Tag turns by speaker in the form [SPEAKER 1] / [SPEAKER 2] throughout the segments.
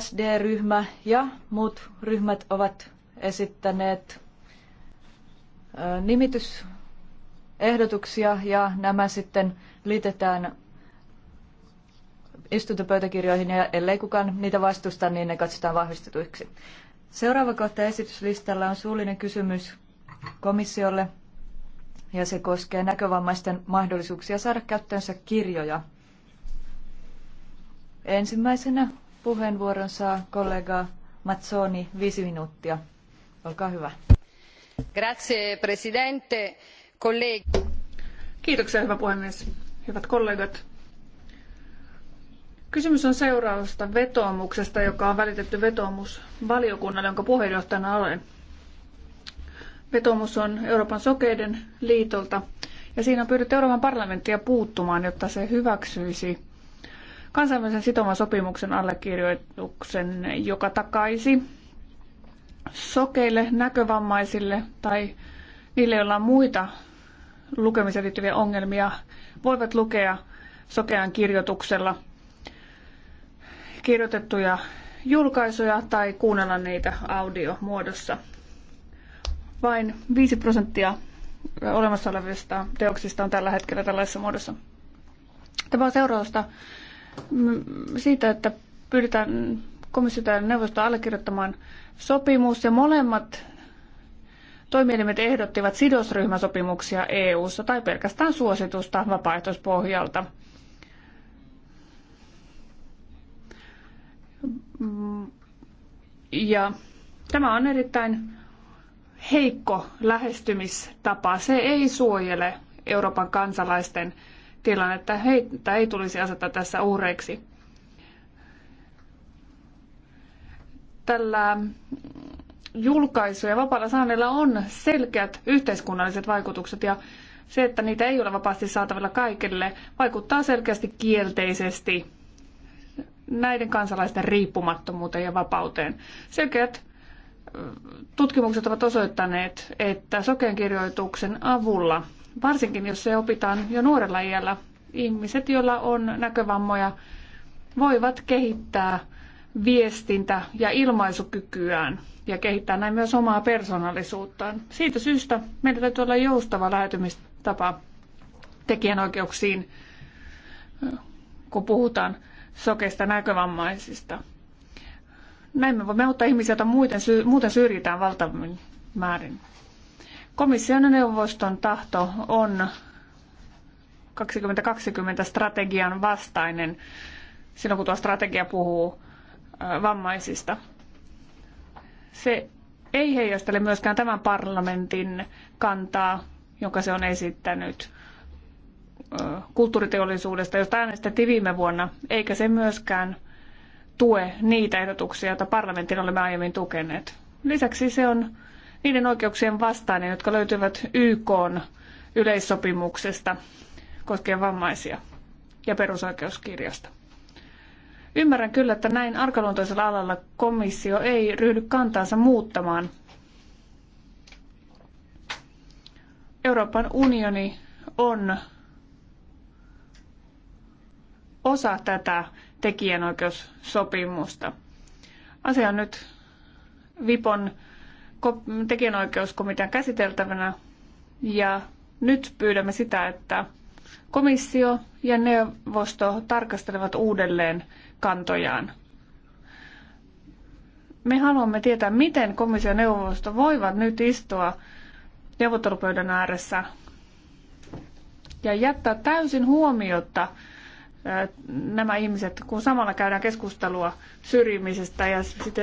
[SPEAKER 1] SD-ryhmä ja muut ryhmät ovat esittäneet nimitysehdotuksia ja nämä sitten liitetään istuntopöytäkirjoihin ja ellei kukaan niitä vastusta, niin ne katsotaan vahvistetuiksi. Seuraava kohta esityslistalla on suullinen kysymys komissiolle ja se koskee näkövammaisten mahdollisuuksia saada käyttöönsä kirjoja. Ensimmäisenä puheenvuoron saa kollega Mazzoni, viisi minuuttia. Olkaa hyvä.
[SPEAKER 2] Grazie, presidente, Kiitoksia, hyvä puhemies. Hyvät kollegat. Kysymys on seurausta vetoomuksesta, joka on välitetty vetoomus valiokunnalle, jonka puheenjohtajana olen. Vetoomus on Euroopan sokeiden liitolta ja siinä on pyydetty Euroopan parlamenttia puuttumaan, jotta se hyväksyisi kansainvälisen sitovan sopimuksen allekirjoituksen, joka takaisi sokeille, näkövammaisille tai niille, joilla on muita lukemiseen liittyviä ongelmia, voivat lukea sokean kirjoituksella kirjoitettuja julkaisuja tai kuunnella niitä audiomuodossa. Vain 5 prosenttia olemassa olevista teoksista on tällä hetkellä tällaisessa muodossa. Tämä on seurausta Mm, siitä, että pyydetään komissiota ja neuvostoa allekirjoittamaan sopimus ja molemmat toimielimet ehdottivat sidosryhmäsopimuksia EU-ssa tai pelkästään suositusta vapaaehtoispohjalta. Mm, ja tämä on erittäin heikko lähestymistapa. Se ei suojele Euroopan kansalaisten tilanne, että Heitä ei tulisi asettaa tässä uhreiksi. Tällä julkaisu- ja vapaalla saaneilla on selkeät yhteiskunnalliset vaikutukset ja se, että niitä ei ole vapaasti saatavilla kaikille, vaikuttaa selkeästi kielteisesti näiden kansalaisten riippumattomuuteen ja vapauteen. Selkeät tutkimukset ovat osoittaneet, että sokean kirjoituksen avulla varsinkin jos se opitaan jo nuorella iällä. Ihmiset, joilla on näkövammoja, voivat kehittää viestintä- ja ilmaisukykyään ja kehittää näin myös omaa persoonallisuuttaan. Siitä syystä meillä täytyy olla joustava lähetymistapa tekijänoikeuksiin, kun puhutaan sokeista näkövammaisista. Näin me voimme auttaa ihmisiä, joita muuten, syrjitään valtavin määrin. Komission ja neuvoston tahto on 2020 strategian vastainen silloin, kun tuo strategia puhuu vammaisista. Se ei heijastele myöskään tämän parlamentin kantaa, jonka se on esittänyt kulttuuriteollisuudesta, josta äänestettiin viime vuonna, eikä se myöskään tue niitä ehdotuksia, joita parlamentin olemme aiemmin tukeneet. Lisäksi se on niiden oikeuksien vastainen, jotka löytyvät YK yleissopimuksesta koskien vammaisia ja perusoikeuskirjasta. Ymmärrän kyllä, että näin arkaluontoisella alalla komissio ei ryhdy kantaansa muuttamaan. Euroopan unioni on osa tätä tekijänoikeussopimusta. Asia on nyt Vipon tekijänoikeuskomitean käsiteltävänä ja nyt pyydämme sitä, että komissio ja neuvosto tarkastelevat uudelleen kantojaan. Me haluamme tietää, miten komissio ja neuvosto voivat nyt istua neuvottelupöydän ääressä ja jättää täysin huomiotta nämä ihmiset, kun samalla käydään keskustelua syrjimisestä ja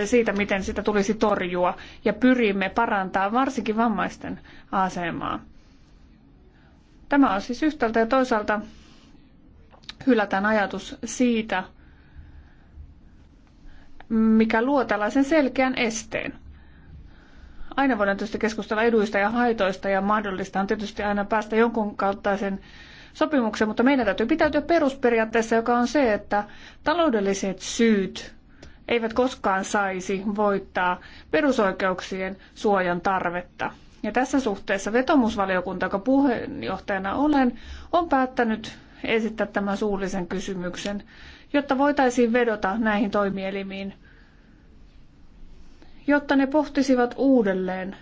[SPEAKER 2] siitä, miten sitä tulisi torjua ja pyrimme parantaa varsinkin vammaisten asemaa. Tämä on siis yhtäältä ja toisaalta hylätään ajatus siitä, mikä luo tällaisen selkeän esteen. Aina voidaan tietysti keskustella eduista ja haitoista ja mahdollista on tietysti aina päästä jonkun kaltaisen sopimukseen, mutta meidän täytyy pitäytyä perusperiaatteessa, joka on se, että taloudelliset syyt eivät koskaan saisi voittaa perusoikeuksien suojan tarvetta. Ja tässä suhteessa vetomusvaliokunta, joka puheenjohtajana olen, on päättänyt esittää tämän suullisen kysymyksen, jotta voitaisiin vedota näihin toimielimiin, jotta ne pohtisivat uudelleen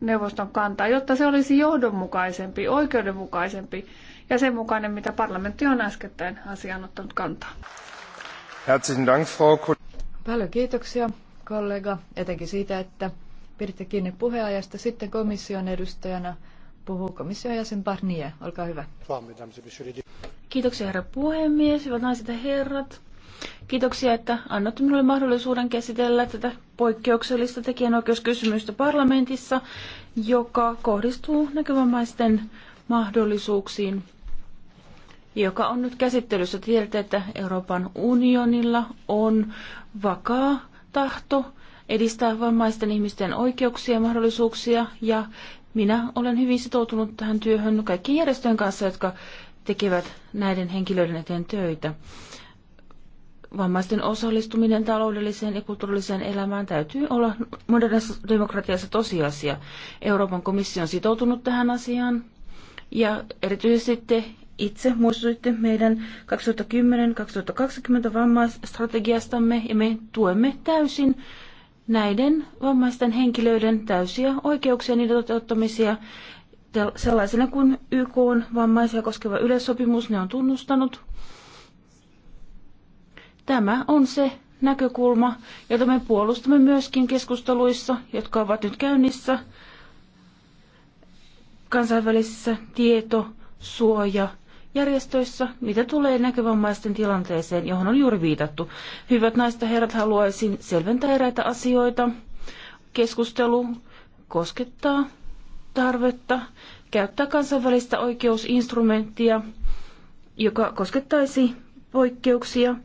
[SPEAKER 2] neuvoston kantaa, jotta se olisi johdonmukaisempi, oikeudenmukaisempi ja sen mukainen, mitä parlamentti on äskettäin asiaan ottanut kantaa.
[SPEAKER 3] Herzlichen Dank, Frau
[SPEAKER 2] Paljon kiitoksia, kollega, etenkin siitä, että
[SPEAKER 1] piditte kiinni puheajasta. Sitten komission edustajana puhuu komission jäsen Barnier.
[SPEAKER 4] Olkaa hyvä. Kiitoksia, herra puhemies. Hyvät naiset ja herrat. Kiitoksia, että annatte minulle mahdollisuuden käsitellä tätä poikkeuksellista tekijänoikeuskysymystä parlamentissa, joka kohdistuu näkövammaisten mahdollisuuksiin, joka on nyt käsittelyssä. Tiedätte, että Euroopan unionilla on vakaa tahto edistää vammaisten ihmisten oikeuksia ja mahdollisuuksia, ja minä olen hyvin sitoutunut tähän työhön kaikkien järjestöjen kanssa, jotka tekevät näiden henkilöiden eteen töitä vammaisten osallistuminen taloudelliseen ja kulttuurilliseen elämään täytyy olla modernissa demokratiassa tosiasia. Euroopan komissio on sitoutunut tähän asiaan ja erityisesti te itse muistutitte meidän 2010-2020 vammaisstrategiastamme ja me tuemme täysin näiden vammaisten henkilöiden täysiä oikeuksia niiden toteuttamisia sellaisena kuin YK on vammaisia koskeva yleissopimus ne on tunnustanut Tämä on se näkökulma, jota me puolustamme myöskin keskusteluissa, jotka ovat nyt käynnissä kansainvälisissä tietosuoja järjestöissä, mitä tulee näkövammaisten tilanteeseen, johon on juuri viitattu. Hyvät naiset ja herrat, haluaisin selventää eräitä asioita. Keskustelu koskettaa tarvetta käyttää kansainvälistä oikeusinstrumenttia, joka koskettaisi poikkeuksia –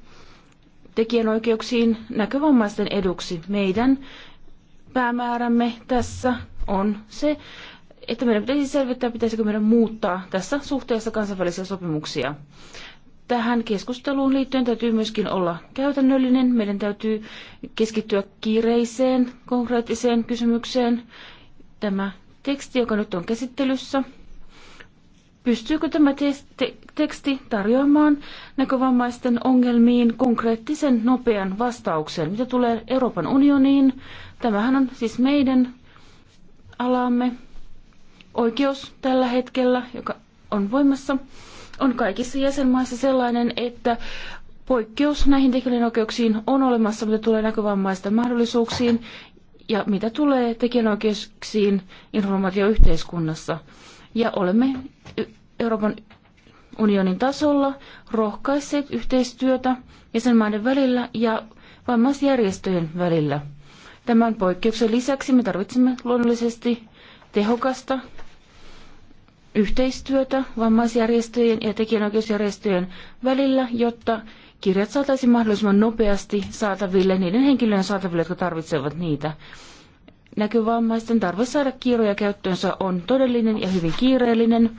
[SPEAKER 4] tekijänoikeuksiin näkövammaisten eduksi. Meidän päämäärämme tässä on se, että meidän pitäisi selvittää, pitäisikö meidän muuttaa tässä suhteessa kansainvälisiä sopimuksia. Tähän keskusteluun liittyen täytyy myöskin olla käytännöllinen. Meidän täytyy keskittyä kiireiseen, konkreettiseen kysymykseen. Tämä teksti, joka nyt on käsittelyssä, pystyykö tämä teksti tarjoamaan näkövammaisten ongelmiin konkreettisen nopean vastauksen, mitä tulee Euroopan unioniin. Tämähän on siis meidän alamme oikeus tällä hetkellä, joka on voimassa, on kaikissa jäsenmaissa sellainen, että poikkeus näihin tekijänoikeuksiin on olemassa, mitä tulee näkövammaisten mahdollisuuksiin ja mitä tulee tekijänoikeuksiin informaatioyhteiskunnassa ja olemme Euroopan unionin tasolla rohkaisseet yhteistyötä jäsenmaiden välillä ja vammaisjärjestöjen välillä. Tämän poikkeuksen lisäksi me tarvitsemme luonnollisesti tehokasta yhteistyötä vammaisjärjestöjen ja tekijänoikeusjärjestöjen välillä, jotta kirjat saataisiin mahdollisimman nopeasti saataville niiden henkilöiden saataville, jotka tarvitsevat niitä näkövammaisten tarve saada kirjoja käyttöönsä on todellinen ja hyvin kiireellinen.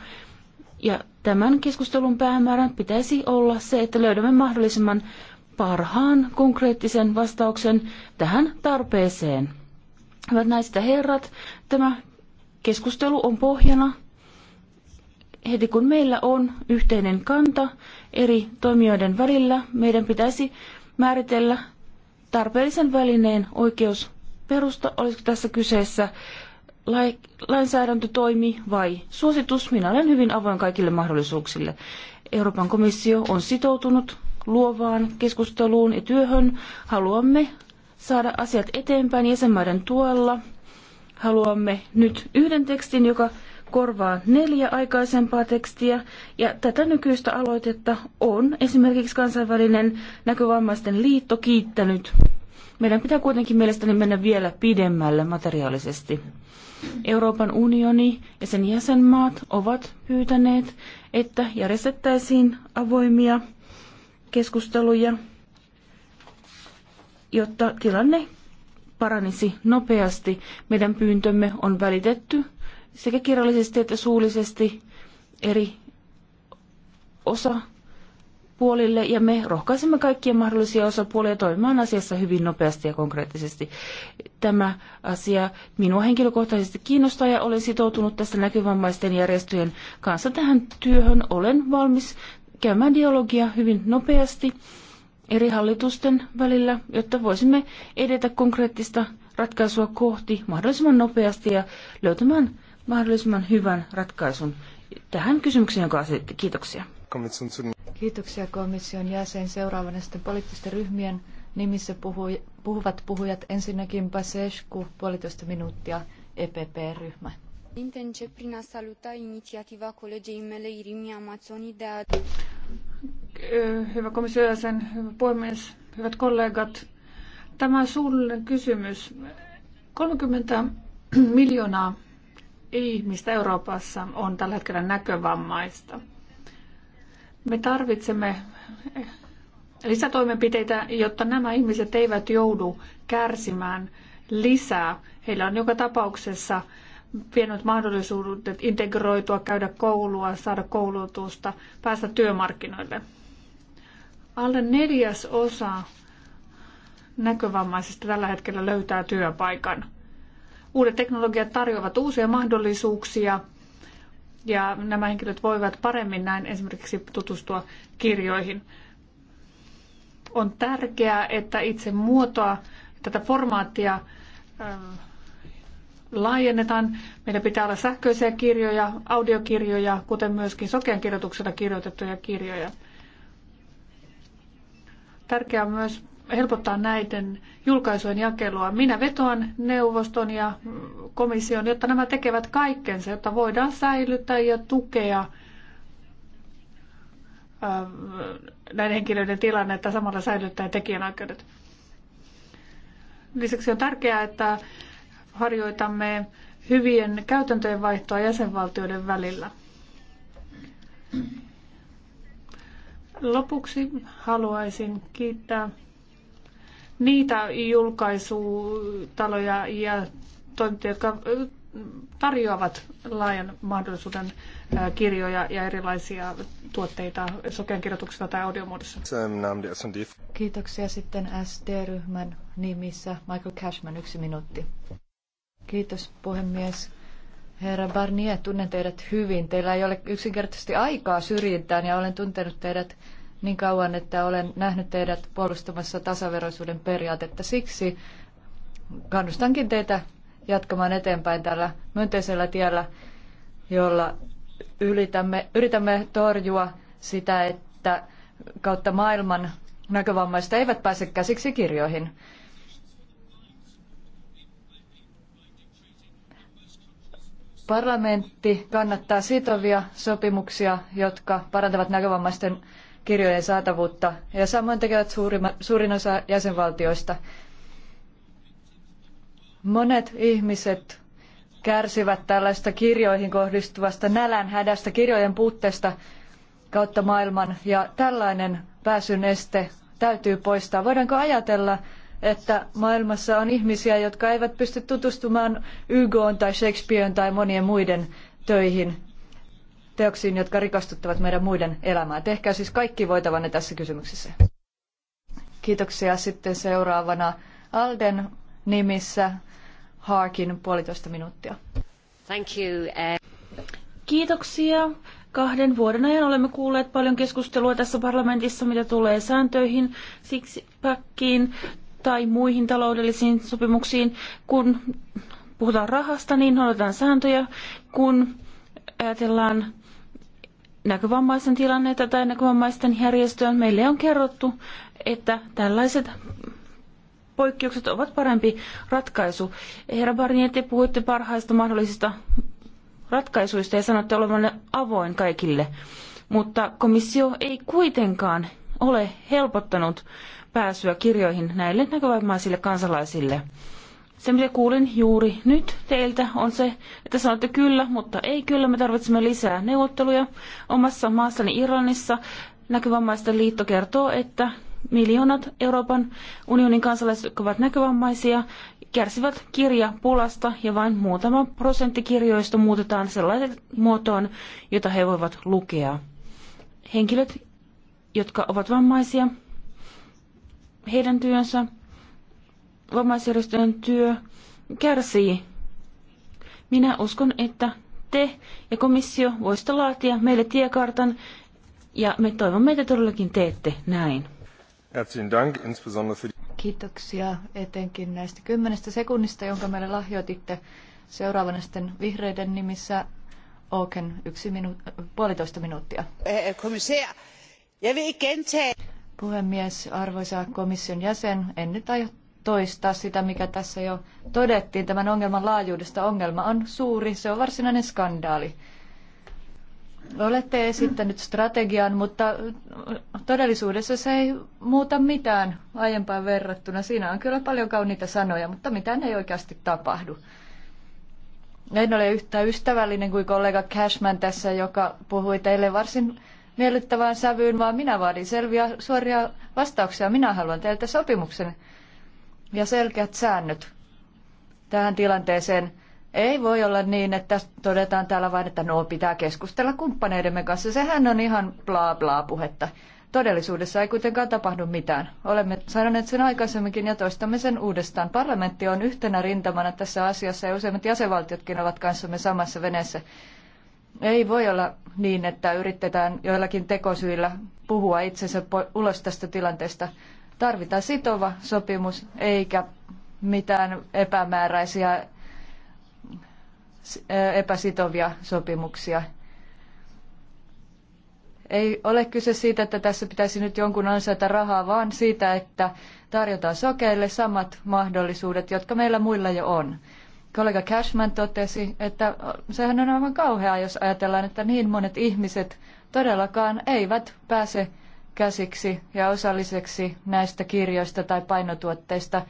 [SPEAKER 4] Ja tämän keskustelun päämäärän pitäisi olla se, että löydämme mahdollisimman parhaan konkreettisen vastauksen tähän tarpeeseen. Hyvät naiset ja herrat, tämä keskustelu on pohjana heti kun meillä on yhteinen kanta eri toimijoiden välillä, meidän pitäisi määritellä tarpeellisen välineen oikeus perusta, olisiko tässä kyseessä lainsäädäntötoimi vai suositus. Minä olen hyvin avoin kaikille mahdollisuuksille. Euroopan komissio on sitoutunut luovaan keskusteluun ja työhön. Haluamme saada asiat eteenpäin jäsenmaiden tuella. Haluamme nyt yhden tekstin, joka korvaa neljä aikaisempaa tekstiä, ja tätä nykyistä aloitetta on esimerkiksi kansainvälinen näkövammaisten liitto kiittänyt meidän pitää kuitenkin mielestäni mennä vielä pidemmälle materiaalisesti. Euroopan unioni ja sen jäsenmaat ovat pyytäneet, että järjestettäisiin avoimia keskusteluja, jotta tilanne paranisi nopeasti. Meidän pyyntömme on välitetty sekä kirjallisesti että suullisesti eri osa puolille ja me rohkaisemme kaikkia mahdollisia osapuolia toimimaan asiassa hyvin nopeasti ja konkreettisesti. Tämä asia minua henkilökohtaisesti kiinnostaa ja olen sitoutunut tässä näkövammaisten järjestöjen kanssa tähän työhön. Olen valmis käymään dialogia hyvin nopeasti eri hallitusten välillä, jotta voisimme edetä konkreettista ratkaisua kohti mahdollisimman nopeasti ja löytämään mahdollisimman hyvän ratkaisun tähän kysymykseen, jonka asetitte. Kiitoksia.
[SPEAKER 1] Kiitoksia komission jäsen. Seuraavana sitten poliittisten ryhmien nimissä puhui, puhuvat puhujat. Ensinnäkin Pasescu, puolitoista minuuttia, EPP-ryhmä.
[SPEAKER 4] Încep saluta inițiativa colegei mele Irimi Amazoni de a...
[SPEAKER 2] Hyvä komission jäsen, hyvä puhemies, hyvät kollegat. Tämä suullinen kysymys. 30 miljoonaa ihmistä Euroopassa on tällä hetkellä näkövammaista. Me tarvitsemme lisätoimenpiteitä, jotta nämä ihmiset eivät joudu kärsimään lisää. Heillä on joka tapauksessa pienet mahdollisuudet integroitua, käydä koulua, saada koulutusta, päästä työmarkkinoille. Alle neljäs osa näkövammaisista tällä hetkellä löytää työpaikan. Uudet teknologiat tarjoavat uusia mahdollisuuksia – ja nämä henkilöt voivat paremmin näin esimerkiksi tutustua kirjoihin. On tärkeää, että itse muotoa, tätä formaattia ähm, laajennetaan. Meillä pitää olla sähköisiä kirjoja, audiokirjoja, kuten myöskin sokean kirjoituksella kirjoitettuja kirjoja. Tärkeää on myös helpottaa näiden julkaisujen jakelua. Minä vetoan neuvoston ja komission, jotta nämä tekevät kaikkensa, jotta voidaan säilyttää ja tukea näiden henkilöiden tilannetta samalla säilyttää tekijänoikeudet. Lisäksi on tärkeää, että harjoitamme hyvien käytäntöjen vaihtoa jäsenvaltioiden välillä. Lopuksi haluaisin kiittää niitä julkaisutaloja ja toimittajia, jotka tarjoavat laajan mahdollisuuden kirjoja ja erilaisia tuotteita sokean kirjoituksena tai audiomuodossa.
[SPEAKER 1] Kiitoksia sitten SD-ryhmän nimissä. Michael Cashman, yksi minuutti. Kiitos puhemies. Herra Barnier, tunnen teidät hyvin. Teillä ei ole yksinkertaisesti aikaa syrjintään ja olen tuntenut teidät niin kauan, että olen nähnyt teidät puolustamassa tasaveroisuuden periaatetta. Siksi kannustankin teitä jatkamaan eteenpäin tällä myönteisellä tiellä, jolla yritämme, yritämme torjua sitä, että kautta maailman näkövammaista eivät pääse käsiksi kirjoihin. Parlamentti kannattaa sitovia sopimuksia, jotka parantavat näkövammaisten kirjojen saatavuutta ja samoin tekevät suurin osa jäsenvaltioista. Monet ihmiset kärsivät tällaista kirjoihin kohdistuvasta nälänhädästä, kirjojen puutteesta kautta maailman ja tällainen pääsyn este täytyy poistaa. Voidaanko ajatella, että maailmassa on ihmisiä, jotka eivät pysty tutustumaan YK tai Shakespearen tai monien muiden töihin? teoksiin, jotka rikastuttavat meidän muiden elämää. Tehkää siis kaikki voitavanne tässä kysymyksessä. Kiitoksia sitten seuraavana Alden nimissä Harkin puolitoista minuuttia.
[SPEAKER 4] Thank you. Eh. Kiitoksia. Kahden vuoden ajan olemme kuulleet paljon keskustelua tässä parlamentissa, mitä tulee sääntöihin, siksi sixpackiin tai muihin taloudellisiin sopimuksiin. Kun puhutaan rahasta, niin odotetaan sääntöjä. Kun ajatellaan näkövammaisten tilannetta tai näkövammaisten järjestöä. Meille on kerrottu, että tällaiset poikkeukset ovat parempi ratkaisu. Herra Barnier, te puhuitte parhaista mahdollisista ratkaisuista ja sanotte olevanne avoin kaikille, mutta komissio ei kuitenkaan ole helpottanut pääsyä kirjoihin näille näkövammaisille kansalaisille. Se, mitä kuulin juuri nyt teiltä, on se, että sanotte kyllä, mutta ei kyllä. Me tarvitsemme lisää neuvotteluja. Omassa maassani Irlannissa näkövammaisten liitto kertoo, että miljoonat Euroopan unionin kansalaiset, jotka ovat näkövammaisia, kärsivät kirjapulasta ja vain muutama prosentti kirjoista muutetaan sellaisen muotoon, jota he voivat lukea. Henkilöt, jotka ovat vammaisia, heidän työnsä vammaisjärjestöjen työ kärsii. Minä uskon, että te ja komissio voisitte laatia meille tiekartan ja me toivomme, että todellakin teette näin.
[SPEAKER 1] Kiitoksia etenkin näistä kymmenestä sekunnista, jonka meille lahjoititte. Seuraavana sitten vihreiden nimissä Oken yksi minu- puolitoista minuuttia. Puhemies, arvoisa komission jäsen, en nyt aio toistaa sitä, mikä tässä jo todettiin tämän ongelman laajuudesta. Ongelma on suuri, se on varsinainen skandaali. Olette esittänyt strategian, mutta todellisuudessa se ei muuta mitään aiempaan verrattuna. Siinä on kyllä paljon kauniita sanoja, mutta mitään ei oikeasti tapahdu. En ole yhtä ystävällinen kuin kollega Cashman tässä, joka puhui teille varsin miellyttävään sävyyn, vaan minä vaadin selviä suoria vastauksia. Minä haluan teiltä sopimuksen ja selkeät säännöt tähän tilanteeseen. Ei voi olla niin, että todetaan täällä vain, että no pitää keskustella kumppaneidemme kanssa. Sehän on ihan bla bla puhetta. Todellisuudessa ei kuitenkaan tapahdu mitään. Olemme sanoneet sen aikaisemminkin ja toistamme sen uudestaan. Parlamentti on yhtenä rintamana tässä asiassa ja useimmat jäsenvaltiotkin ovat kanssamme samassa veneessä. Ei voi olla niin, että yritetään joillakin tekosyillä puhua itsensä ulos tästä tilanteesta. Tarvitaan sitova sopimus eikä mitään epämääräisiä eh, epäsitovia sopimuksia. Ei ole kyse siitä, että tässä pitäisi nyt jonkun ansaita rahaa, vaan siitä, että tarjotaan sokeille samat mahdollisuudet, jotka meillä muilla jo on. Kollega Cashman totesi, että sehän on aivan kauheaa, jos ajatellaan, että niin monet ihmiset todellakaan eivät pääse käsiksi ja osalliseksi näistä kirjoista tai painotuotteista,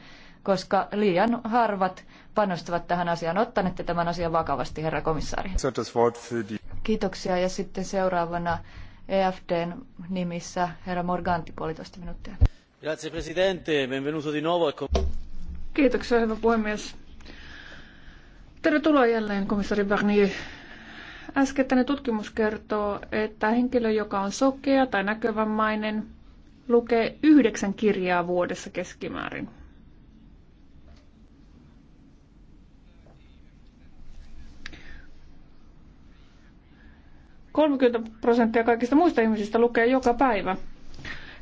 [SPEAKER 1] koska liian harvat panostavat tähän asiaan. Ottanette tämän asian vakavasti, herra komissaari. Kiitoksia ja sitten seuraavana EFDn nimissä herra Morganti puolitoista minuuttia. Grazie presidente, benvenuto di nuovo.
[SPEAKER 2] Kiitoksia, hyvä puhemies. Tervetuloa jälleen, komissari Barnier äskettäinen tutkimus kertoo, että henkilö, joka on sokea tai näkövammainen, lukee yhdeksän kirjaa vuodessa keskimäärin. Kolmekymmentä prosenttia kaikista muista ihmisistä lukee joka päivä.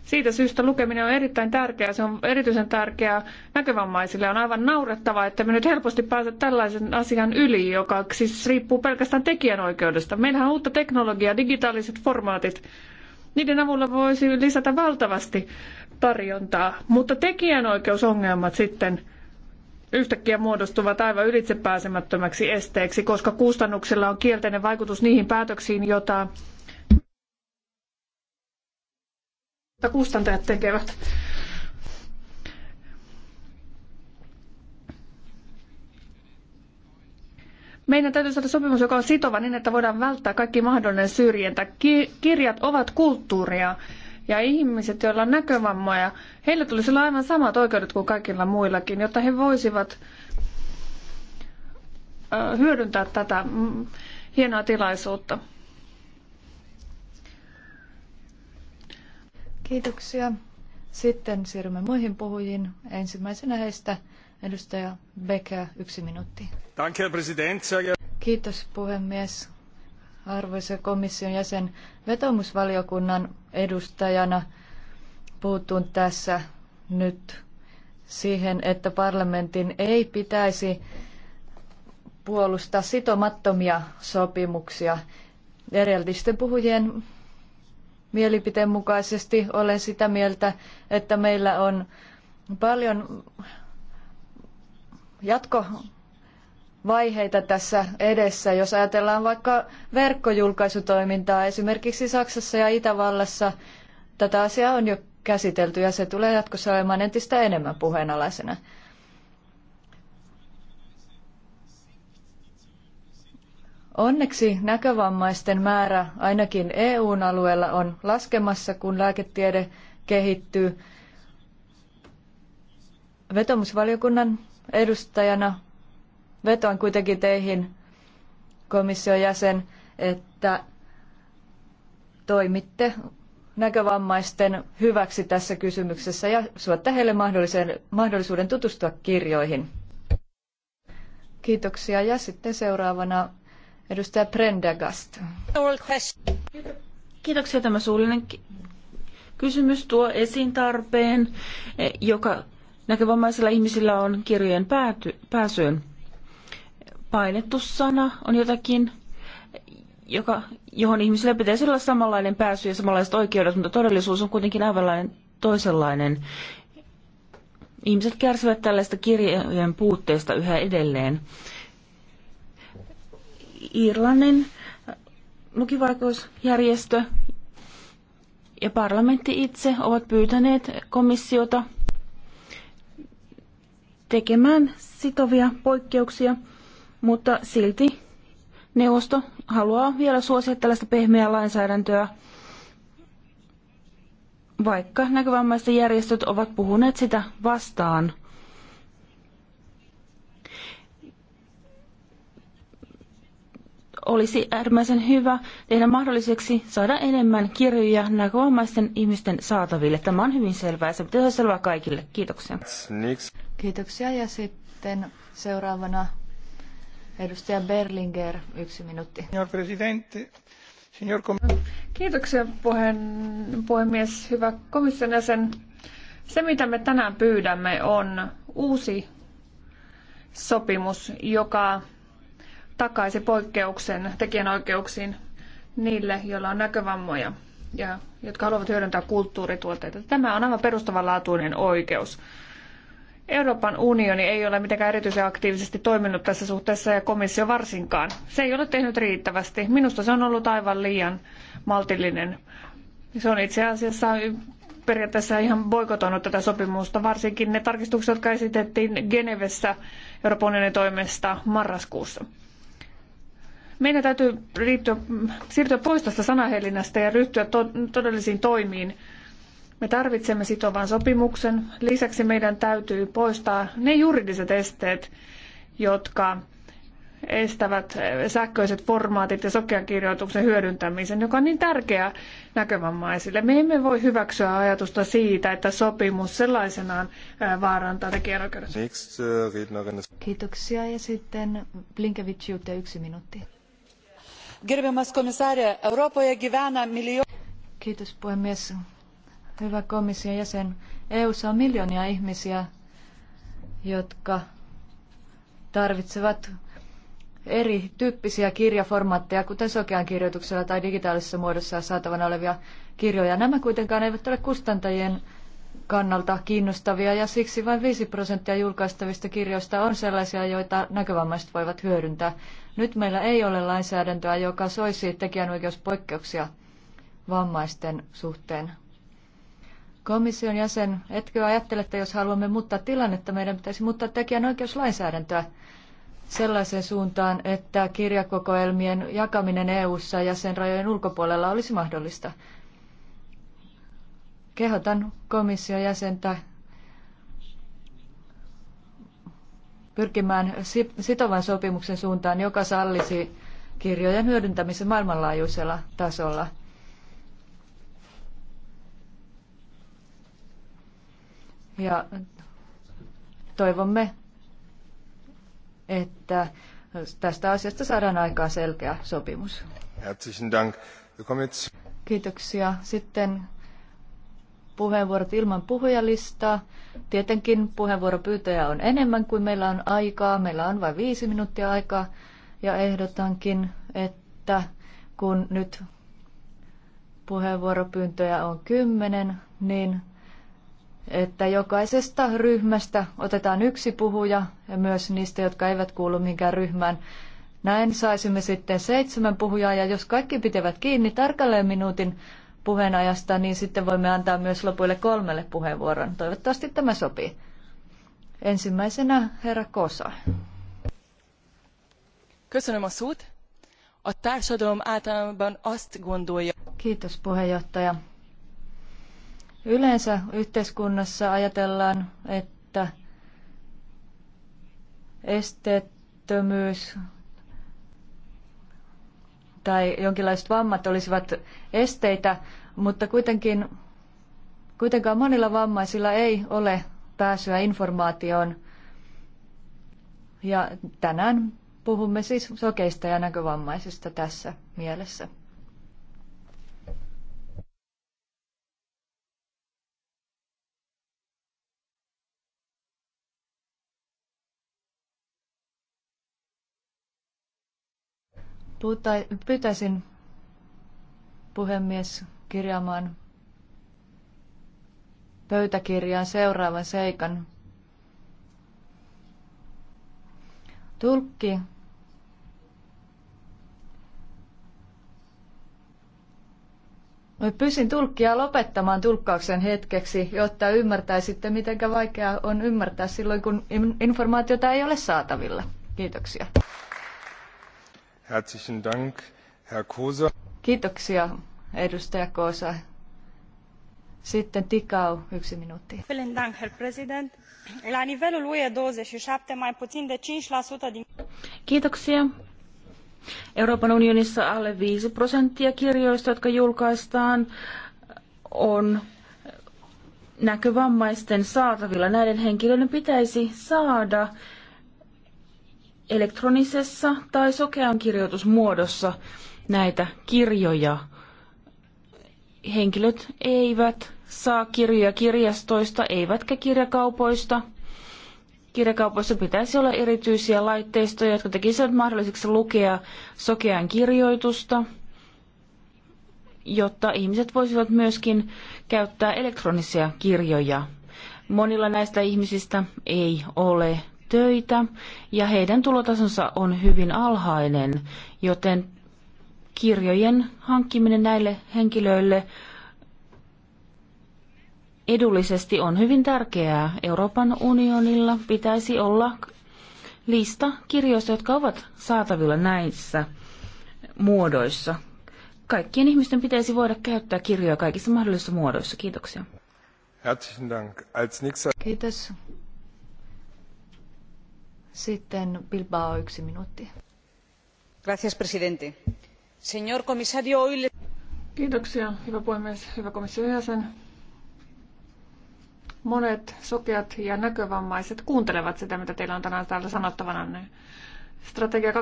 [SPEAKER 2] Siitä syystä lukeminen on erittäin tärkeää. Se on erityisen tärkeää näkövammaisille. On aivan naurettavaa, että me nyt helposti pääse tällaisen asian yli, joka siis riippuu pelkästään tekijänoikeudesta. Meillähän on uutta teknologiaa, digitaaliset formaatit. Niiden avulla voisi lisätä valtavasti tarjontaa, mutta tekijänoikeusongelmat sitten yhtäkkiä muodostuvat aivan ylitsepääsemättömäksi esteeksi, koska kustannuksilla on kielteinen vaikutus niihin päätöksiin, joita että kustantajat tekevät. Meidän täytyy saada sopimus, joka on sitova niin, että voidaan välttää kaikki mahdollinen syrjintä. kirjat ovat kulttuuria ja ihmiset, joilla on näkövammoja, heillä tulisi olla aivan samat oikeudet kuin kaikilla muillakin, jotta he voisivat hyödyntää tätä mm, hienoa tilaisuutta. Kiitoksia. Sitten siirrymme
[SPEAKER 1] muihin puhujiin. Ensimmäisenä heistä edustaja Becker, yksi minuutti.
[SPEAKER 3] Danke, president.
[SPEAKER 1] Kiitos puhemies. Arvoisa komission jäsen, vetomusvaliokunnan edustajana puutun tässä nyt siihen, että parlamentin ei pitäisi puolustaa sitomattomia sopimuksia. Edellisten puhujien mielipiteen mukaisesti olen sitä mieltä, että meillä on paljon jatkovaiheita tässä edessä. Jos ajatellaan vaikka verkkojulkaisutoimintaa, esimerkiksi Saksassa ja Itävallassa tätä asiaa on jo käsitelty ja se tulee jatkossa olemaan entistä enemmän puheenalaisena. Onneksi näkövammaisten määrä ainakin EUn alueella on laskemassa, kun lääketiede kehittyy. Vetomusvaliokunnan edustajana vetoan kuitenkin teihin, komission jäsen, että toimitte näkövammaisten hyväksi tässä kysymyksessä ja suotte heille mahdollisuuden tutustua kirjoihin. Kiitoksia ja sitten seuraavana Edustaja Prendagast.
[SPEAKER 4] Kiitoksia tämä suullinen kysymys tuo esiin tarpeen, e, joka näkövammaisilla ihmisillä on kirjojen pääty, pääsyyn. Painettu sana on jotakin, joka, johon ihmisillä pitäisi olla samanlainen pääsy ja samanlaiset oikeudet, mutta todellisuus on kuitenkin aivan toisenlainen. Ihmiset kärsivät tällaista kirjojen puutteesta yhä edelleen. Irlannin lukivaikeusjärjestö ja parlamentti itse ovat pyytäneet komissiota tekemään sitovia poikkeuksia, mutta silti neuvosto haluaa vielä suosia tällaista pehmeää lainsäädäntöä, vaikka näkövammaisten järjestöt ovat puhuneet sitä vastaan – olisi äärimmäisen hyvä tehdä mahdolliseksi saada enemmän kirjoja näkövammaisten ihmisten saataville. Tämä on hyvin selvää ja se pitää olla selvää kaikille. Kiitoksia.
[SPEAKER 1] Kiitoksia ja sitten seuraavana
[SPEAKER 2] edustaja Berlinger, yksi minuutti. Kiitoksia puheen, puhemies. Hyvä komission jäsen. Se, mitä me tänään pyydämme, on uusi sopimus, joka takaisi poikkeuksen tekijänoikeuksiin niille, joilla on näkövammoja ja jotka haluavat hyödyntää kulttuurituotteita. Tämä on aivan perustavanlaatuinen oikeus. Euroopan unioni ei ole mitenkään erityisen aktiivisesti toiminut tässä suhteessa ja komissio varsinkaan. Se ei ole tehnyt riittävästi. Minusta se on ollut aivan liian maltillinen. Se on itse asiassa periaatteessa ihan boikotoinut tätä sopimusta, varsinkin ne tarkistukset, jotka esitettiin Genevessä Euroopan unionin toimesta marraskuussa. Meidän täytyy riittyä, siirtyä pois tästä sanahelinästä ja ryhtyä to- todellisiin toimiin. Me tarvitsemme sitovan sopimuksen. Lisäksi meidän täytyy poistaa ne juridiset esteet, jotka estävät sähköiset formaatit ja sokean kirjoituksen hyödyntämisen, joka on niin tärkeä näkövammaisille. Me emme voi hyväksyä ajatusta siitä, että sopimus sellaisenaan vaarantaa tekijänoikeudet.
[SPEAKER 3] Uh,
[SPEAKER 2] Kiitoksia ja sitten
[SPEAKER 1] Blinkevich yksi minuutti. Gerbiamas komisare Europoje gyvena miljoona... Kiitos puhemies. EU:ssa on miljoonia ihmisiä, jotka tarvitsevat eri tyyppisiä kirjaformaatteja, kuten sokean kirjoituksella tai digitaalisessa muodossa saatavana olevia kirjoja. Nämä kuitenkaan eivät ole kustantajien kannalta kiinnostavia ja siksi vain 5 prosenttia julkaistavista kirjoista on sellaisia, joita näkövammaiset voivat hyödyntää. Nyt meillä ei ole lainsäädäntöä, joka soisi tekijänoikeuspoikkeuksia vammaisten suhteen. Komission jäsen, etkö ajattele, että jos haluamme muuttaa tilannetta, meidän pitäisi muuttaa tekijänoikeuslainsäädäntöä sellaiseen suuntaan, että kirjakokoelmien jakaminen EU-ssa ja sen rajojen ulkopuolella olisi mahdollista kehotan komission jäsentä pyrkimään sitovan sopimuksen suuntaan, joka sallisi kirjojen hyödyntämisen maailmanlaajuisella tasolla. Ja toivomme, että tästä asiasta saadaan aikaan selkeä sopimus.
[SPEAKER 3] Herzlichen Dank.
[SPEAKER 1] Kiitoksia. Sitten puheenvuorot ilman puhujalistaa. Tietenkin puheenvuoropyytäjä on enemmän kuin meillä on aikaa. Meillä on vain viisi minuuttia aikaa. Ja ehdotankin, että kun nyt puheenvuoropyyntöjä on kymmenen, niin että jokaisesta ryhmästä otetaan yksi puhuja ja myös niistä, jotka eivät kuulu mihinkään ryhmään. Näin saisimme sitten seitsemän puhujaa ja jos kaikki pitävät kiinni tarkalleen minuutin puheenajasta, niin sitten voimme antaa myös lopuille kolmelle puheenvuoron. Toivottavasti tämä sopii. Ensimmäisenä herra Kosa.
[SPEAKER 2] Köszönöm a szót. A társadalom általában azt gondolja...
[SPEAKER 1] Kiitos puheenjohtaja. Yleensä yhteiskunnassa ajatellaan, että esteettömyys tai jonkinlaiset vammat olisivat esteitä, mutta kuitenkin, kuitenkaan monilla vammaisilla ei ole pääsyä informaatioon. Ja tänään puhumme siis sokeista ja näkövammaisista tässä mielessä. Pyytäisin puhemies kirjaamaan pöytäkirjaan seuraavan seikan. Tulkki Pysin tulkkia lopettamaan tulkkauksen hetkeksi, jotta ymmärtäisitte, miten vaikeaa on ymmärtää silloin, kun informaatiota ei ole saatavilla. Kiitoksia.
[SPEAKER 3] Herzlichen Dank, Herr Kosa. Kiitoksia,
[SPEAKER 1] edustaja Kosa. Sitten Tikau, yksi minuutti.
[SPEAKER 4] Dank, Herr La nivelul UE 27, mai puțin de 5% din... Kiitoksia. Euroopan unionissa alle 5 prosenttia kirjoista, jotka julkaistaan, on näkövammaisten saatavilla. Näiden henkilöiden pitäisi saada elektronisessa tai sokean kirjoitusmuodossa näitä kirjoja. Henkilöt eivät saa kirjoja kirjastoista eivätkä kirjakaupoista. Kirjakaupoissa pitäisi olla erityisiä laitteistoja, jotka tekisivät mahdolliseksi lukea sokean kirjoitusta, jotta ihmiset voisivat myöskin käyttää elektronisia kirjoja. Monilla näistä ihmisistä ei ole töitä ja heidän tulotasonsa on hyvin alhainen, joten kirjojen hankkiminen näille henkilöille edullisesti on hyvin tärkeää. Euroopan unionilla pitäisi olla lista kirjoista, jotka ovat saatavilla näissä muodoissa. Kaikkien ihmisten pitäisi voida käyttää kirjoja kaikissa mahdollisissa muodoissa. Kiitoksia. Kiitos. Sitten Bilbao yksi minuutti.
[SPEAKER 2] Gracias, presidente.
[SPEAKER 4] Señor komissario, hoy...
[SPEAKER 2] Kiitoksia, hyvä puhemies, hyvä komission jäsen. Monet sokeat ja näkövammaiset kuuntelevat sitä, mitä teillä on tänään täällä sanottavana. Strategia 2010-2020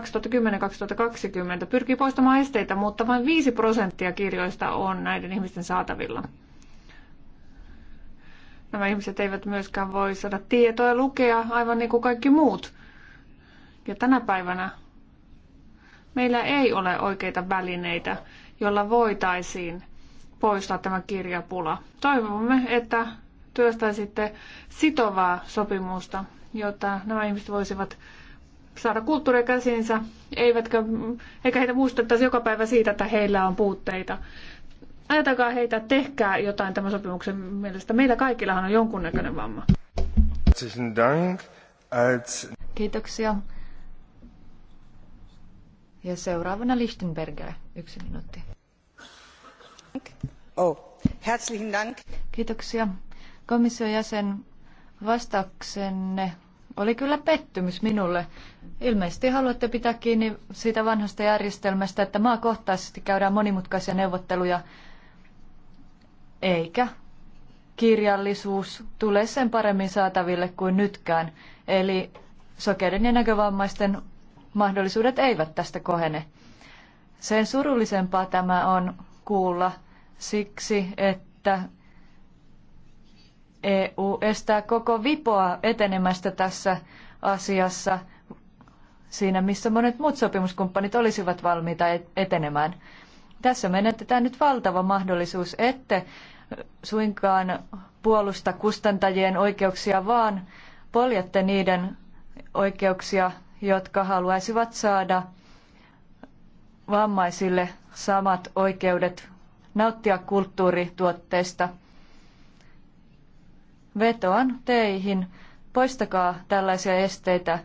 [SPEAKER 2] pyrkii poistamaan esteitä, mutta vain 5 prosenttia kirjoista on näiden ihmisten saatavilla. Nämä ihmiset eivät myöskään voi saada tietoa ja lukea aivan niin kuin kaikki muut. Ja tänä päivänä meillä ei ole oikeita välineitä, joilla voitaisiin poistaa tämä kirjapula. Toivomme, että työstäisitte sitovaa sopimusta, jotta nämä ihmiset voisivat saada kulttuuria käsinsä, eivätkä, eikä heitä muistettaisi joka päivä siitä, että heillä on puutteita. Ajatakaa heitä, tehkää jotain tämän sopimuksen mielestä. Meillä kaikillahan on jonkunnäköinen vamma. Kiitoksia.
[SPEAKER 1] Ja seuraavana Lichtenberger, yksi minuutti. Oh, Dank. Kiitoksia. Komission jäsen, vastauksenne oli kyllä pettymys minulle. Ilmeisesti haluatte pitää kiinni siitä vanhasta järjestelmästä, että maakohtaisesti käydään monimutkaisia neuvotteluja, eikä kirjallisuus tule sen paremmin saataville kuin nytkään. Eli sokeiden ja näkövammaisten mahdollisuudet eivät tästä kohene. Sen surullisempaa tämä on kuulla siksi, että EU estää koko vipoa etenemästä tässä asiassa siinä, missä monet muut sopimuskumppanit olisivat valmiita etenemään. Tässä menetetään nyt valtava mahdollisuus, ette suinkaan puolusta kustantajien oikeuksia, vaan poljette niiden oikeuksia jotka haluaisivat saada vammaisille samat oikeudet nauttia kulttuurituotteista. Vetoan teihin, poistakaa tällaisia esteitä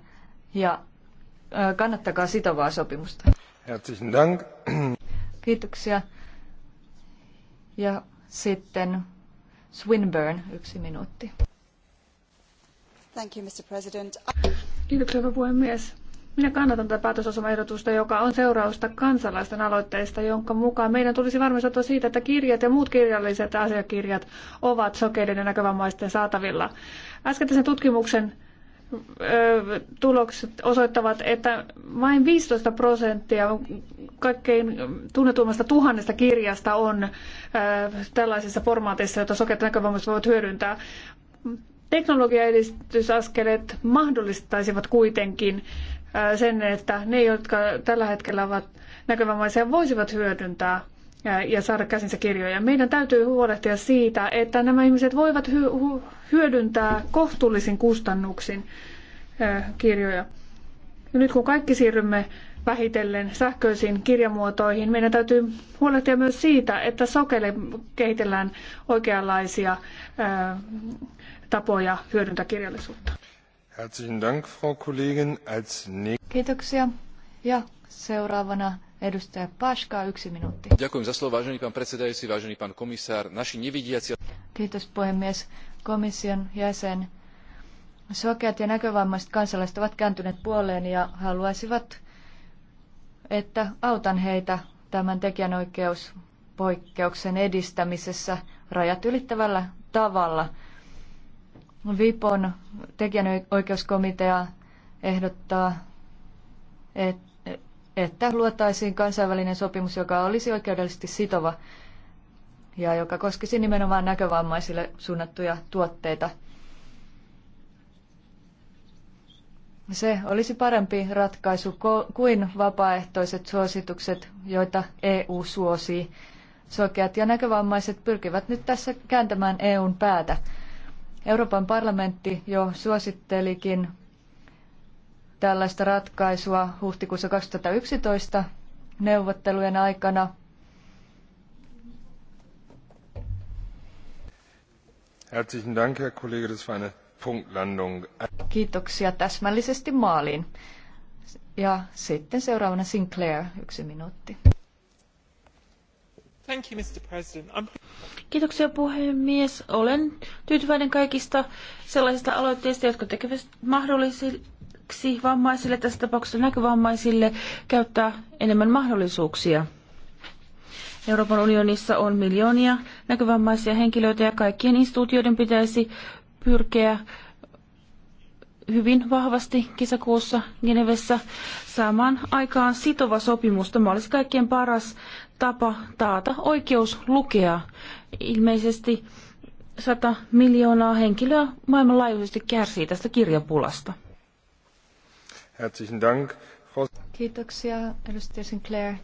[SPEAKER 1] ja kannattakaa sitovaa sopimusta. Dank. Kiitoksia. Ja sitten Swinburne, yksi minuutti. Thank you, Mr. President.
[SPEAKER 2] Kiitoksia, hyvä puhemies. Minä kannatan tätä päätösosumaehdotusta, joka on seurausta kansalaisten aloitteista, jonka mukaan meidän tulisi varmistua siitä, että kirjat ja muut kirjalliset asiakirjat ovat sokeiden ja näkövammaisten saatavilla. Äskettäisen tutkimuksen tulokset osoittavat, että vain 15 prosenttia kaikkein tunnetuimmasta tuhannesta kirjasta on tällaisessa formaatissa, jota sokeat näkövammaiset voivat hyödyntää Teknologiaedistysaskeleet mahdollistaisivat kuitenkin äh, sen, että ne, jotka tällä hetkellä ovat näkövammaisia, voisivat hyödyntää äh, ja saada käsinsä kirjoja. Meidän täytyy huolehtia siitä, että nämä ihmiset voivat hyödyntää kohtuullisin kustannuksin äh, kirjoja. Nyt kun kaikki siirrymme vähitellen sähköisiin kirjamuotoihin, meidän täytyy huolehtia myös siitä, että sokelle kehitellään oikeanlaisia tapoja hyödyntää kirjallisuutta.
[SPEAKER 3] Herzlichen Dank, Frau Kollegin. Als
[SPEAKER 2] Kiitoksia.
[SPEAKER 1] Ja seuraavana edustaja Paška, yksi minuutti.
[SPEAKER 3] Ďakujem za slovo, vážený pán predsedajúci,
[SPEAKER 4] vážený pán komisár. Naši nevidiaci...
[SPEAKER 1] Kiitos puhemies. Komission jäsen. Sokeat ja näkövammaiset kansalaiset ovat kääntyneet puoleen ja haluaisivat, että autan heitä tämän tekijänoikeuspoikkeuksen edistämisessä rajat ylittävällä tavalla – Vipon tekijänoikeuskomitea ehdottaa, että luotaisiin kansainvälinen sopimus, joka olisi oikeudellisesti sitova ja joka koskisi nimenomaan näkövammaisille suunnattuja tuotteita. Se olisi parempi ratkaisu kuin vapaaehtoiset suositukset, joita EU suosii. Sokeat ja näkövammaiset pyrkivät nyt tässä kääntämään EUn päätä. Euroopan parlamentti jo suosittelikin tällaista ratkaisua huhtikuussa 2011 neuvottelujen aikana.
[SPEAKER 3] Herzlichen Dank, Herr Kollege, das war eine Punktlandung.
[SPEAKER 1] Kiitoksia täsmällisesti maaliin. Ja
[SPEAKER 4] sitten seuraavana Sinclair, yksi minuutti. Kiitoksia puhemies. Olen tyytyväinen kaikista sellaisista aloitteista, jotka tekevät mahdolliseksi vammaisille, tässä tapauksessa näkövammaisille, käyttää enemmän mahdollisuuksia. Euroopan unionissa on miljoonia näkövammaisia henkilöitä ja kaikkien instituutioiden pitäisi pyrkiä hyvin vahvasti kesäkuussa Genevessä saamaan aikaan sitova sopimus. Tämä olisi kaikkien paras tapa taata oikeus lukea. Ilmeisesti 100 miljoonaa henkilöä maailmanlaajuisesti kärsii tästä kirjapulasta.
[SPEAKER 3] Herzlichen Dank.
[SPEAKER 4] Kiitoksia, edustaja Sinclair.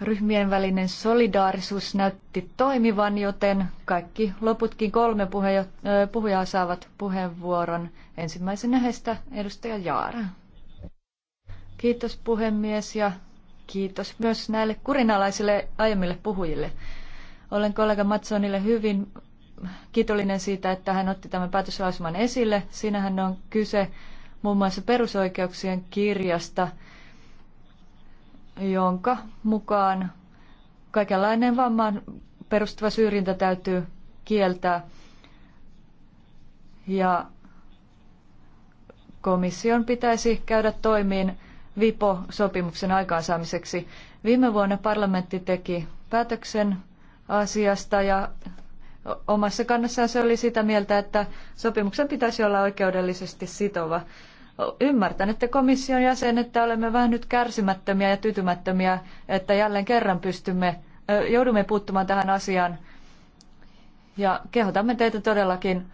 [SPEAKER 1] Ryhmien välinen solidaarisuus näytti toimivan, joten kaikki loputkin kolme äh, puhujaa saavat puheenvuoron. Ensimmäisenä heistä edustaja Jaara. Kiitos puhemies ja kiitos myös näille kurinalaisille aiemmille puhujille. Olen kollega Matsonille hyvin kiitollinen siitä, että hän otti tämän päätöslausuman esille. Siinähän on kyse muun muassa perusoikeuksien kirjasta, jonka mukaan kaikenlainen vammaan perustuva syrjintä täytyy kieltää. Ja komission pitäisi käydä toimiin VIPO-sopimuksen aikaansaamiseksi. Viime vuonna parlamentti teki päätöksen asiasta ja omassa kannassaan se oli sitä mieltä, että sopimuksen pitäisi olla oikeudellisesti sitova. Ymmärtän, että komission jäsen, että olemme vähän nyt kärsimättömiä ja tytymättömiä, että jälleen kerran pystymme, joudumme puuttumaan tähän asiaan. Ja kehotamme teitä todellakin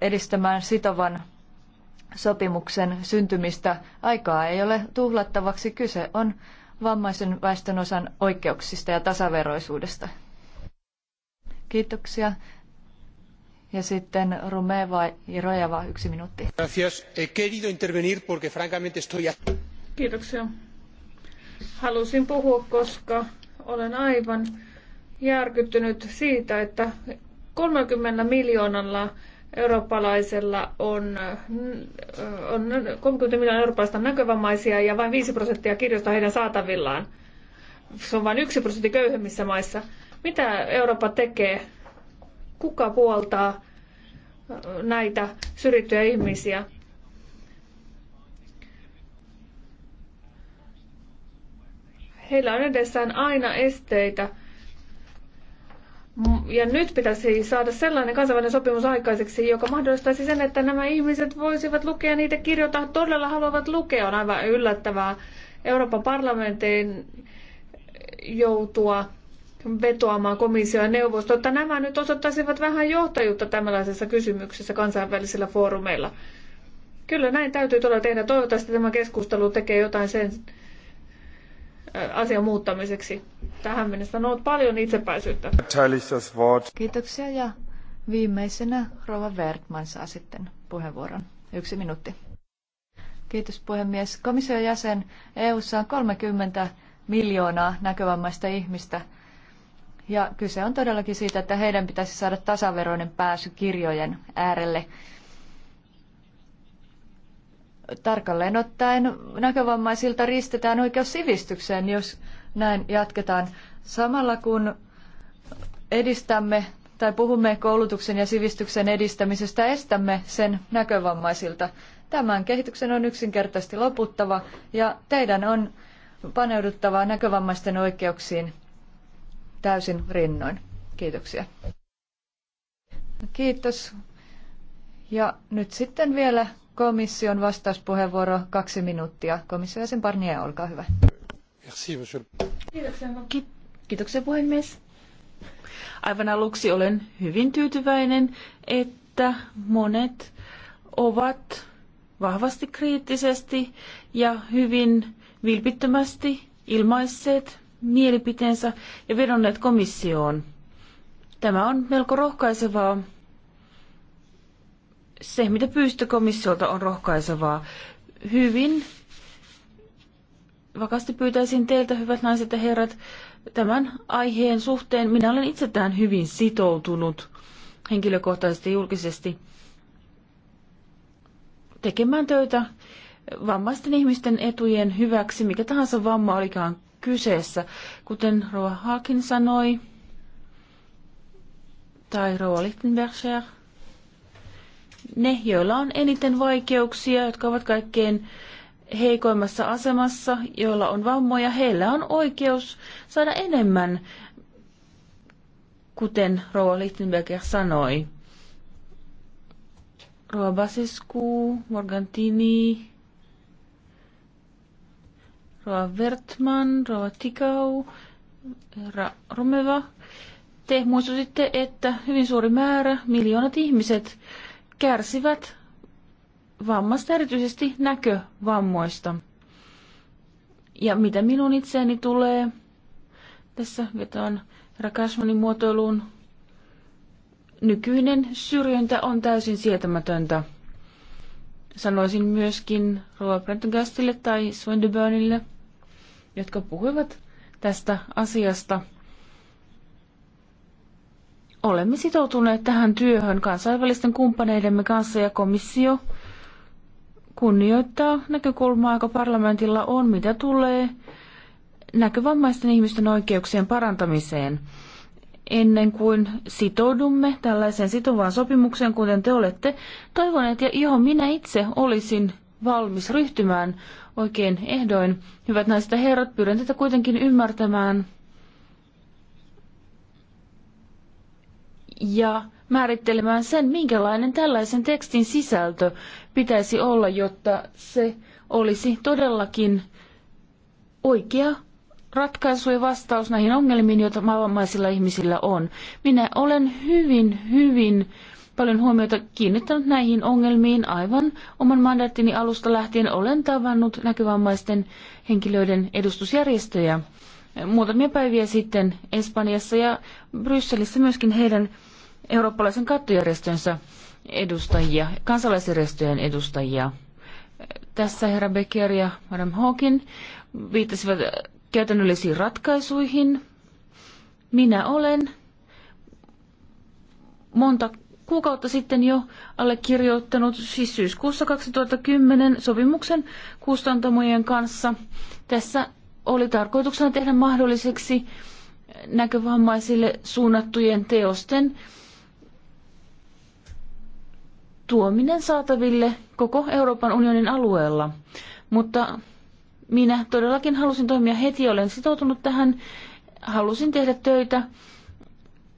[SPEAKER 1] edistämään sitovan sopimuksen syntymistä. Aikaa ei ole tuhlattavaksi. Kyse on vammaisen väestön osan oikeuksista ja tasaveroisuudesta. Kiitoksia. Ja sitten Rumeva ja Rojava, yksi minuutti.
[SPEAKER 2] Kiitoksia. Halusin puhua, koska olen aivan järkyttynyt siitä, että 30 miljoonalla eurooppalaisella on, on 30 miljoonaa eurooppalaista näkövammaisia ja vain 5 prosenttia kirjoista heidän saatavillaan. Se on vain 1 prosentti köyhemmissä maissa. Mitä Eurooppa tekee? Kuka puoltaa näitä syrjittyjä ihmisiä? Heillä on edessään aina esteitä – ja nyt pitäisi saada sellainen kansainvälinen sopimus aikaiseksi, joka mahdollistaisi sen, että nämä ihmiset voisivat lukea niitä kirjoita, todella haluavat lukea. On aivan yllättävää Euroopan parlamentin joutua vetoamaan komissio ja neuvosto, että nämä nyt osoittaisivat vähän johtajuutta tämänlaisessa kysymyksessä kansainvälisillä foorumeilla. Kyllä näin täytyy todella tehdä. Toivottavasti tämä keskustelu tekee jotain sen asian muuttamiseksi. Tähän mennessä on ollut paljon itsepäisyyttä.
[SPEAKER 3] Kiitoksia ja
[SPEAKER 1] viimeisenä Rova Wertman saa sitten puheenvuoron. Yksi minuutti. Kiitos puhemies. Komission jäsen EU:ssa on 30 miljoonaa näkövammaista ihmistä. Ja kyse on todellakin siitä, että heidän pitäisi saada tasaveroinen pääsy kirjojen äärelle tarkalleen ottaen näkövammaisilta ristetään oikeus sivistykseen, jos näin jatketaan. Samalla kun edistämme tai puhumme koulutuksen ja sivistyksen edistämisestä, estämme sen näkövammaisilta. Tämän kehityksen on yksinkertaisesti loputtava ja teidän on paneuduttava näkövammaisten oikeuksiin täysin rinnoin. Kiitoksia. Kiitos. Ja nyt sitten vielä komission vastauspuheenvuoro kaksi minuuttia. Komissio jäsen Barnier, olkaa hyvä.
[SPEAKER 2] Kiitoksia,
[SPEAKER 4] Kiitoksia puhemies. Aivan aluksi olen hyvin tyytyväinen, että monet ovat vahvasti kriittisesti ja hyvin vilpittömästi ilmaisseet mielipiteensä ja vedonneet komissioon. Tämä on melko rohkaisevaa se, mitä pyystä komissiolta, on rohkaisevaa. Hyvin vakasti pyytäisin teiltä, hyvät naiset ja herrat, tämän aiheen suhteen. Minä olen itse hyvin sitoutunut henkilökohtaisesti ja julkisesti tekemään töitä vammaisten ihmisten etujen hyväksi, mikä tahansa vamma olikaan kyseessä. Kuten Roa Haakin sanoi, tai Roa Lichtenberger, ne, joilla on eniten vaikeuksia, jotka ovat kaikkein heikoimmassa asemassa, joilla on vammoja, heillä on oikeus saada enemmän, kuten Rouva Lichtenberger sanoi. Rouva Basescu, Morgantini, Rouva Wertman, Rouva Tikau, Ra- Romeva. Te muistutitte, että hyvin suuri määrä, miljoonat ihmiset kärsivät vammasta, erityisesti näkövammoista. Ja mitä minun itseeni tulee, tässä vetoan Rakasmanin muotoiluun, nykyinen syrjintä on täysin sietämätöntä. Sanoisin myöskin Rova Brentongastille tai Swendeburnille, jotka puhuivat tästä asiasta – olemme sitoutuneet tähän työhön kansainvälisten kumppaneidemme kanssa ja komissio kunnioittaa näkökulmaa, joka parlamentilla on, mitä tulee näkövammaisten ihmisten oikeuksien parantamiseen. Ennen kuin sitoudumme tällaiseen sitovaan sopimukseen, kuten te olette toivoneet ja johon minä itse olisin valmis ryhtymään oikein ehdoin. Hyvät naiset ja herrat, pyydän teitä kuitenkin ymmärtämään, ja määrittelemään sen, minkälainen tällaisen tekstin sisältö pitäisi olla, jotta se olisi todellakin oikea ratkaisu ja vastaus näihin ongelmiin, joita vammaisilla ihmisillä on. Minä olen hyvin, hyvin paljon huomiota kiinnittänyt näihin ongelmiin aivan oman mandaattini alusta lähtien. Olen tavannut näkövammaisten henkilöiden edustusjärjestöjä muutamia päiviä sitten Espanjassa ja Brysselissä myöskin heidän eurooppalaisen kattojärjestönsä edustajia, kansalaisjärjestöjen edustajia. Tässä herra Becker ja Madame Hawkin viittasivat käytännöllisiin ratkaisuihin. Minä olen monta kuukautta sitten jo allekirjoittanut, siis syyskuussa 2010, sopimuksen kustantamojen kanssa. Tässä oli tarkoituksena tehdä mahdolliseksi näkövammaisille suunnattujen teosten tuominen saataville koko Euroopan unionin alueella. Mutta minä todellakin halusin toimia heti, olen sitoutunut tähän, halusin tehdä töitä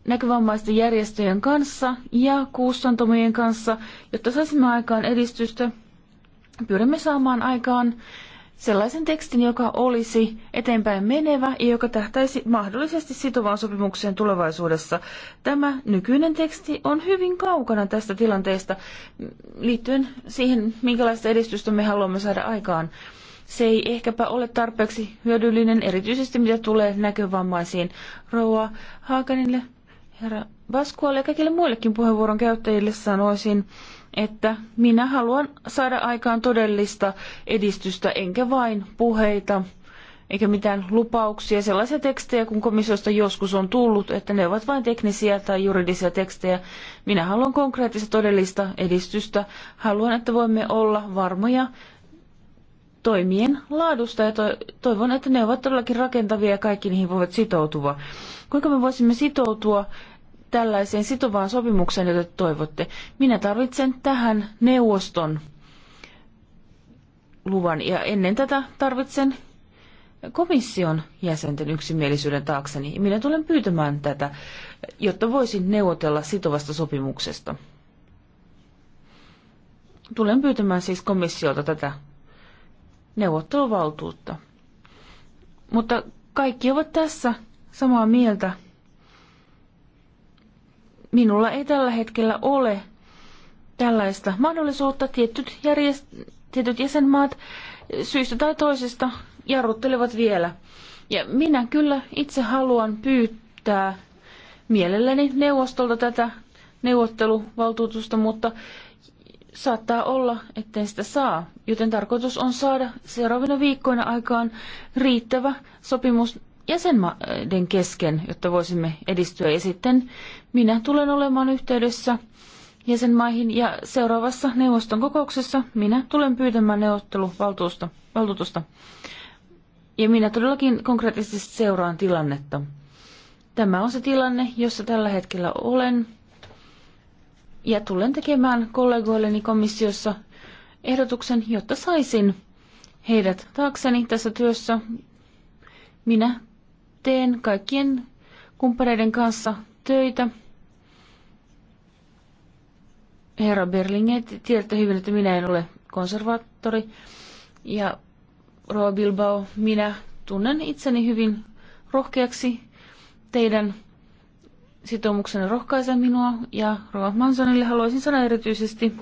[SPEAKER 4] näkövammaisten järjestöjen kanssa ja kuustantomojen kanssa, jotta saisimme aikaan edistystä. Pyrimme saamaan aikaan sellaisen tekstin, joka olisi eteenpäin menevä ja joka tähtäisi mahdollisesti sitovaan sopimukseen tulevaisuudessa. Tämä nykyinen teksti on hyvin kaukana tästä tilanteesta liittyen siihen, minkälaista edistystä me haluamme saada aikaan. Se ei ehkäpä ole tarpeeksi hyödyllinen, erityisesti mitä tulee näkövammaisiin. Rouva Haakanille, herra Vaskualle ja kaikille muillekin puheenvuoron käyttäjille sanoisin, että minä haluan saada aikaan todellista edistystä, enkä vain puheita, eikä mitään lupauksia, sellaisia tekstejä, kun komissiosta joskus on tullut, että ne ovat vain teknisiä tai juridisia tekstejä. Minä haluan konkreettista todellista edistystä. Haluan, että voimme olla varmoja toimien laadusta ja toivon, että ne ovat todellakin rakentavia ja kaikki niihin voivat sitoutua. Kuinka me voisimme sitoutua tällaiseen sitovaan sopimukseen, jota toivotte. Minä tarvitsen tähän neuvoston luvan ja ennen tätä tarvitsen komission jäsenten yksimielisyyden taakseni. Minä tulen pyytämään tätä, jotta voisin neuvotella sitovasta sopimuksesta. Tulen pyytämään siis komissiolta tätä neuvotteluvaltuutta. Mutta kaikki ovat tässä samaa mieltä Minulla ei tällä hetkellä ole tällaista mahdollisuutta. Tietyt, järjest- tietyt jäsenmaat syystä tai toisesta jarruttelevat vielä. Ja minä kyllä itse haluan pyytää mielelläni neuvostolta tätä neuvotteluvaltuutusta, mutta saattaa olla, ettei sitä saa, joten tarkoitus on saada seuraavina viikkoina aikaan riittävä sopimus jäsenmaiden kesken, jotta voisimme edistyä. Ja sitten minä tulen olemaan yhteydessä jäsenmaihin ja seuraavassa neuvoston kokouksessa minä tulen pyytämään neuvotteluvaltuutusta. Ja minä todellakin konkreettisesti seuraan tilannetta. Tämä on se tilanne, jossa tällä hetkellä olen. Ja tulen tekemään kollegoilleni komissiossa ehdotuksen, jotta saisin heidät taakseni tässä työssä. Minä teen kaikkien kumppaneiden kanssa töitä. Herra Berlinge, tiedätte hyvin, että minä en ole konservaattori. Ja Roa Bilbao, minä tunnen itseni hyvin rohkeaksi. Teidän sitoumuksenne rohkaisee minua ja Roa Mansonille haluaisin sanoa erityisesti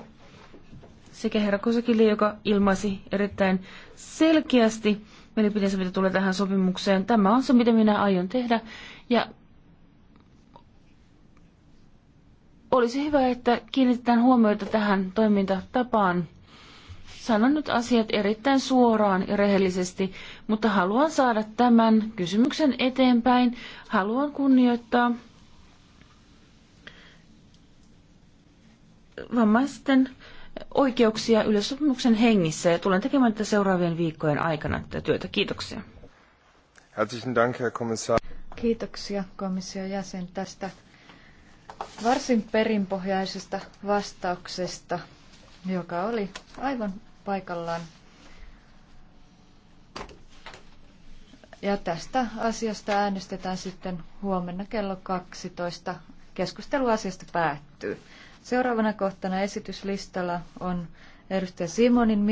[SPEAKER 4] sekä herra Kosakille, joka ilmaisi erittäin selkeästi mielipiteensä, mitä tulee tähän sopimukseen. Tämä on se, mitä minä aion tehdä. Ja olisi hyvä, että kiinnitetään huomiota tähän toimintatapaan. Sanon nyt asiat erittäin suoraan ja rehellisesti, mutta haluan saada tämän kysymyksen eteenpäin. Haluan kunnioittaa vammaisten oikeuksia yleissopimuksen hengissä ja tulen tekemään tätä seuraavien viikkojen aikana tätä työtä. Kiitoksia.
[SPEAKER 3] Dank, Herr
[SPEAKER 1] Kiitoksia komission jäsen tästä varsin perinpohjaisesta vastauksesta, joka oli aivan paikallaan. Ja tästä asiasta äänestetään sitten huomenna kello 12. Keskustelu asiasta päättyy. Seuraavana kohtana esityslistalla on edustaja Simonin